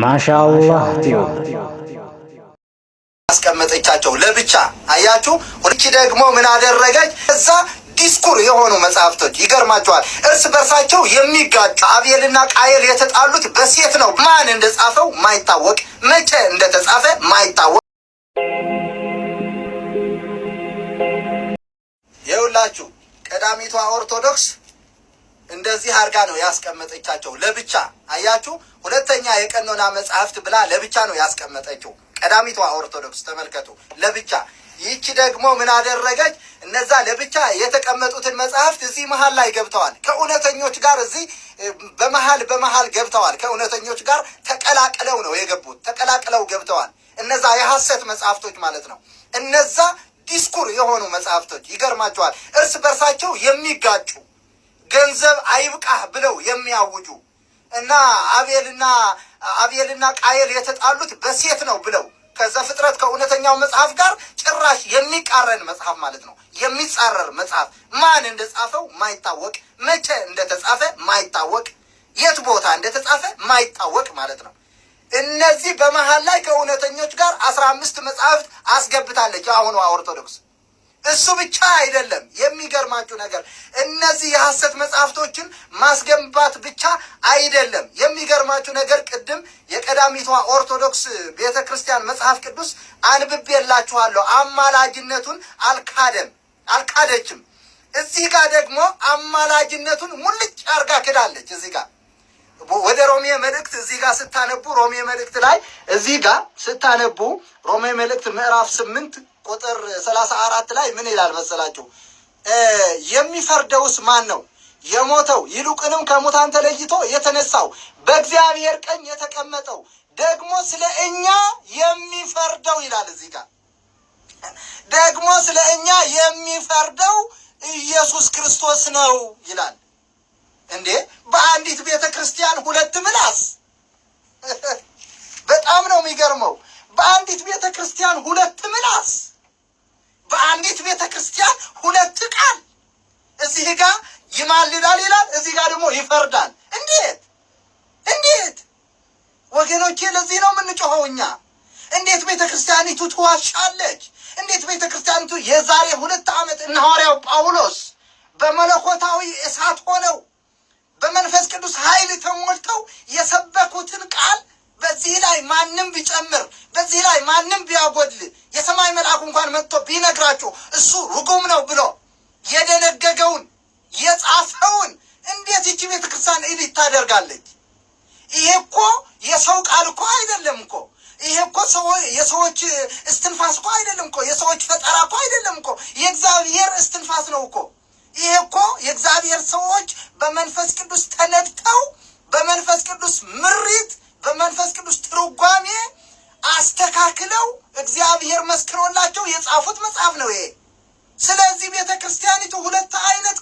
ማሻአላህ ቲዩ አስቀመጠቻቸው ለብቻ አያችሁ። ሁልቺ ደግሞ ምን አደረገች? እዛ ዲስኩር የሆኑ መጽሐፍቶች ይገርማቸዋል። እርስ በርሳቸው የሚጋጩ አቤልና ቃየል የተጣሉት በሴት ነው። ማን እንደጻፈው ማይታወቅ፣ መቼ እንደተጻፈ ማይታወቅ። ይኸውላችሁ ቀዳሚቷ ኦርቶዶክስ እንደዚህ አድርጋ ነው ያስቀመጠቻቸው ለብቻ አያችሁ። ሁለተኛ የቀኖና መጽሐፍት ብላ ለብቻ ነው ያስቀመጠችው። ቀዳሚቷ ኦርቶዶክስ ተመልከቱ፣ ለብቻ ይቺ ደግሞ ምን አደረገች? እነዛ ለብቻ የተቀመጡትን መጽሐፍት እዚህ መሀል ላይ ገብተዋል። ከእውነተኞች ጋር እዚህ በመሀል በመሀል ገብተዋል። ከእውነተኞች ጋር ተቀላቅለው ነው የገቡት። ተቀላቅለው ገብተዋል። እነዛ የሐሰት መጽሐፍቶች ማለት ነው። እነዛ ዲስኩር የሆኑ መጽሐፍቶች ይገርማቸዋል። እርስ በርሳቸው የሚጋጩ ገንዘብ አይብቃህ ብለው የሚያውጁ እና አቤልና አቤልና ቃየል የተጣሉት በሴት ነው ብለው ከዛ ፍጥረት ከእውነተኛው መጽሐፍ ጋር ጭራሽ የሚቃረን መጽሐፍ ማለት ነው። የሚጻረር መጽሐፍ ማን እንደጻፈው ማይታወቅ፣ መቼ እንደተጻፈ ማይታወቅ፣ የት ቦታ እንደተጻፈ ማይታወቅ ማለት ነው። እነዚህ በመሀል ላይ ከእውነተኞች ጋር አስራ አምስት መጽሐፍት አስገብታለች አሁኗ ኦርቶዶክስ። እሱ ብቻ አይደለም። የሚገርማችሁ ነገር እነዚህ የሐሰት መጽሐፍቶችን ማስገንባት ብቻ አይደለም። የሚገርማችሁ ነገር ቅድም የቀዳሚቷ ኦርቶዶክስ ቤተ ክርስቲያን መጽሐፍ ቅዱስ አንብቤላችኋለሁ። አማላጅነቱን አልካደም አልካደችም። እዚህ ጋር ደግሞ አማላጅነቱን ሙልጭ አርጋ ክዳለች። እዚህ ጋር ወደ ሮሜ መልእክት እዚህ ጋር ስታነቡ ሮሜ መልእክት ላይ እዚህ ጋር ስታነቡ ሮሜ መልእክት ምዕራፍ ስምንት ቁጥር ሰላሳ አራት ላይ ምን ይላል መሰላችሁ? የሚፈርደውስ ማን ነው? የሞተው ይልቁንም ከሙታን ተለይቶ የተነሳው በእግዚአብሔር ቀኝ የተቀመጠው ደግሞ ስለ እኛ የሚፈርደው ይላል። እዚህ ጋር ደግሞ ስለ እኛ የሚፈርደው ኢየሱስ ክርስቶስ ነው ይላል። እንዴ በአንዲት ቤተ ክርስቲያን ሁለት ምላስ! በጣም ነው የሚገርመው። በአንዲት ቤተ ክርስቲያን ሁለት ምላስ በአንዲት ቤተ ክርስቲያን ሁለት ቃል እዚህ ጋር ይማልዳል ይላል፣ እዚህ ጋር ደግሞ ይፈርዳል። እንዴት እንዴት ወገኖቼ! ለዚህ ነው የምንጮኸው እኛ። እንዴት ቤተ ክርስቲያኒቱ ትዋሻለች? እንዴት ቤተ ክርስቲያኒቱ የዛሬ ሁለት ዓመት እነ ሐዋርያው ጳውሎስ በመለኮታዊ እሳት ሆነው በመንፈስ ቅዱስ ኃይል ተሞልተው የሰበኩትን ቃል በዚህ ላይ ማንም ቢጨምር በዚህ ላይ ማንም መጥቶ ቢነግራችሁ እሱ ርጉም ነው ብሎ የደነገገውን የጻፈውን እንዴት ይቺ ቤተ ክርስቲያን ኢዲት ታደርጋለች? ይሄ እኮ የሰው ቃል እኮ አይደለም እኮ ይሄ እኮ የሰዎች እስትንፋስ እኮ አይደለም እኮ የሰዎች ፈጠራ እኮ አይደለም እኮ የእግዚአብሔር እስትንፋስ ነው እኮ። ይሄ እኮ የእግዚአብሔር ሰዎች በመንፈስ ቅዱስ ተነድተው በመንፈስ ቅዱስ ምሪት በመንፈስ ቅዱስ ትርጓ አስተካክለው እግዚአብሔር መስክሮላቸው የጻፉት መጽሐፍ ነው ይሄ። ስለዚህ ቤተ ክርስቲያኒቱ ሁለት አይነት